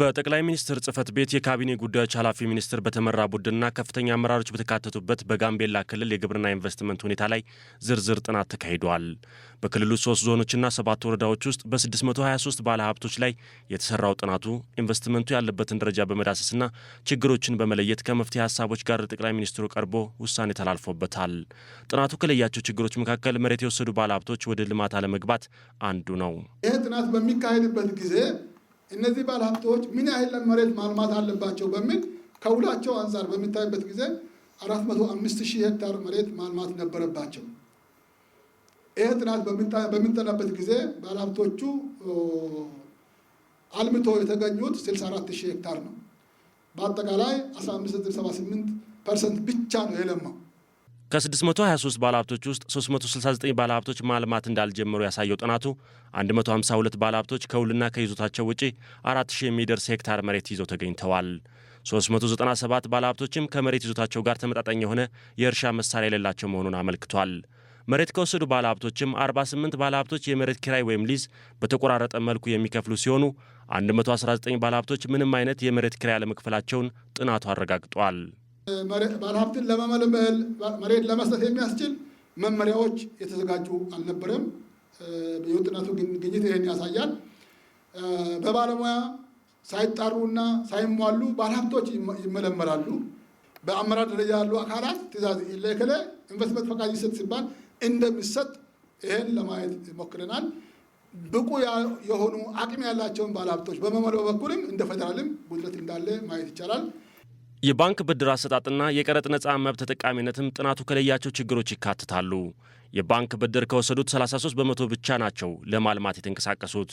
በጠቅላይ ሚኒስትር ጽህፈት ቤት የካቢኔ ጉዳዮች ኃላፊ ሚኒስትር በተመራ ቡድንና ከፍተኛ አመራሮች በተካተቱበት በጋምቤላ ክልል የግብርና ኢንቨስትመንት ሁኔታ ላይ ዝርዝር ጥናት ተካሂደዋል። በክልሉ ሶስት ዞኖችና ሰባት ወረዳዎች ውስጥ በ623 ባለሀብቶች ላይ የተሰራው ጥናቱ ኢንቨስትመንቱ ያለበትን ደረጃ በመዳሰስና ችግሮችን በመለየት ከመፍትሄ ሀሳቦች ጋር ለጠቅላይ ሚኒስትሩ ቀርቦ ውሳኔ ተላልፎበታል። ጥናቱ ከለያቸው ችግሮች መካከል መሬት የወሰዱ ባለሀብቶች ወደ ልማት አለመግባት አንዱ ነው። ይህ ጥናት በሚካሄድበት ጊዜ እነዚህ ባለሀብቶች ምን ያህል መሬት ማልማት አለባቸው በሚል ከውላቸው አንጻር በሚታይበት ጊዜ 405 ሺህ ሄክታር መሬት ማልማት ነበረባቸው። ይህ ጥናት በሚጠናበት ጊዜ ባለሀብቶቹ አልምቶ የተገኙት 64 ሺህ ሄክታር ነው። በአጠቃላይ 1578 ፐርሰንት ብቻ ነው የለማው። ከ623 ባለሀብቶች ውስጥ 369 ባለሀብቶች ማልማት እንዳልጀመሩ ያሳየው ጥናቱ 152 ባለሀብቶች ከውልና ከይዞታቸው ውጪ 4000 የሚደርስ ሄክታር መሬት ይዘው ተገኝተዋል። 397 ባለሀብቶችም ከመሬት ይዞታቸው ጋር ተመጣጣኝ የሆነ የእርሻ መሳሪያ የሌላቸው መሆኑን አመልክቷል። መሬት ከወሰዱ ባለሀብቶችም 48 ባለሀብቶች የመሬት ኪራይ ወይም ሊዝ በተቆራረጠ መልኩ የሚከፍሉ ሲሆኑ 119 ባለሀብቶች ምንም አይነት የመሬት ኪራይ አለመክፈላቸውን ጥናቱ አረጋግጧል። ባለሀብትን ለመመልመል መሬት ለመስጠት የሚያስችል መመሪያዎች የተዘጋጁ አልነበረም። የወጥነቱ ግኝት ይህን ያሳያል። በባለሙያ ሳይጣሩና ሳይሟሉ ባለሀብቶች ይመለመላሉ። በአመራር ደረጃ ያሉ አካላት ትእዛዝ ለክለ ኢንቨስትመንት ፈቃድ ይሰጥ ሲባል እንደሚሰጥ ይህን ለማየት ሞክረናል። ብቁ የሆኑ አቅም ያላቸውን ባለሀብቶች በመመሪያው በኩልም እንደ ፌደራልም ጉድለት እንዳለ ማየት ይቻላል። የባንክ ብድር አሰጣጥና የቀረጥ ነፃ መብት ተጠቃሚነትም ጥናቱ ከለያቸው ችግሮች ይካትታሉ። የባንክ ብድር ከወሰዱት 33 በመቶ ብቻ ናቸው ለማልማት የተንቀሳቀሱት።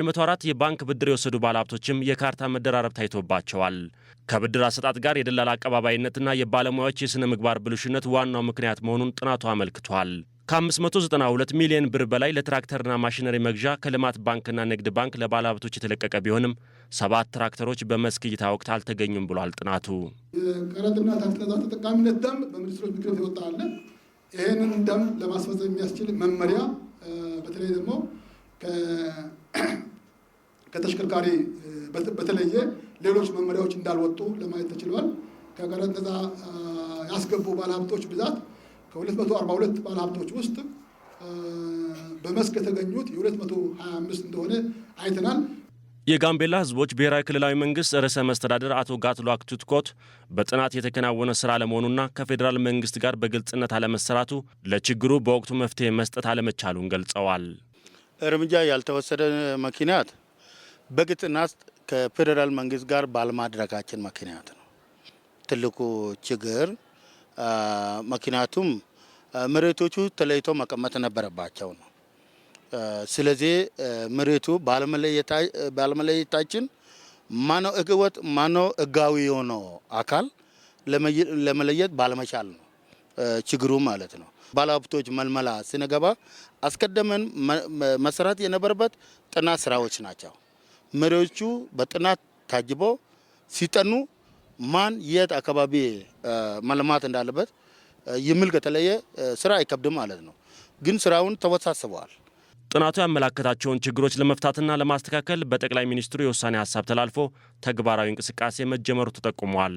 104 የባንክ ብድር የወሰዱ ባለሀብቶችም የካርታ መደራረብ ታይቶባቸዋል። ከብድር አሰጣጥ ጋር የደላላ አቀባባይነትና የባለሙያዎች የሥነ ምግባር ብልሹነት ዋናው ምክንያት መሆኑን ጥናቱ አመልክቷል። ከ592 ሚሊዮን ብር በላይ ለትራክተርና ማሽነሪ መግዣ ከልማት ባንክና ንግድ ባንክ ለባለሀብቶች የተለቀቀ ቢሆንም ሰባት ትራክተሮች በመስክ እይታ ወቅት አልተገኙም ብሏል ጥናቱ። ቀረጥና ታክስ ተጠቃሚነት ደንብ በሚኒስትሮች ምክር ቤት የወጣ አለ። ይህንን ደንብ ለማስፈጸም የሚያስችል መመሪያ በተለይ ደግሞ ከተሽከርካሪ በተለየ ሌሎች መመሪያዎች እንዳልወጡ ለማየት ተችሏል። ከቀረጥ ነፃ ያስገቡ ባለሀብቶች ብዛት ከ242 ባለሀብቶች ውስጥ በመስክ የተገኙት የ225 እንደሆነ አይተናል። የጋምቤላ ህዝቦች ብሔራዊ ክልላዊ መንግስት ርዕሰ መስተዳደር አቶ ጋትሉአክ ቱትኮት በጥናት የተከናወነ ስራ አለመሆኑና ከፌዴራል መንግስት ጋር በግልጽነት አለመሰራቱ ለችግሩ በወቅቱ መፍትሄ መስጠት አለመቻሉን ገልጸዋል። እርምጃ ያልተወሰደ ምክንያት በግልጽነት ከፌዴራል መንግስት ጋር ባለማድረጋችን ምክንያት ነው። ትልቁ ችግር ምክንያቱም መሬቶቹ ተለይቶ መቀመጥ ነበረባቸው ነው። ስለዚህ መሬቱ ባለመለየታችን ማነው ህገወጥ ማነው ህጋዊ የሆነው አካል ለመለየት ባለመቻል ነው ችግሩ ማለት ነው። ባለሀብቶች መልመላ ስንገባ አስቀደመን መሰራት የነበረበት ጥናት ስራዎች ናቸው። መሪዎቹ በጥናት ታጅቦ ሲጠኑ ማን የት አካባቢ መልማት እንዳለበት የሚል ከተለየ ስራ አይከብድም ማለት ነው። ግን ስራውን ተወሳስበዋል። ጥናቱ ያመላከታቸውን ችግሮች ለመፍታትና ለማስተካከል በጠቅላይ ሚኒስትሩ የውሳኔ ሀሳብ ተላልፎ ተግባራዊ እንቅስቃሴ መጀመሩ ተጠቁሟል።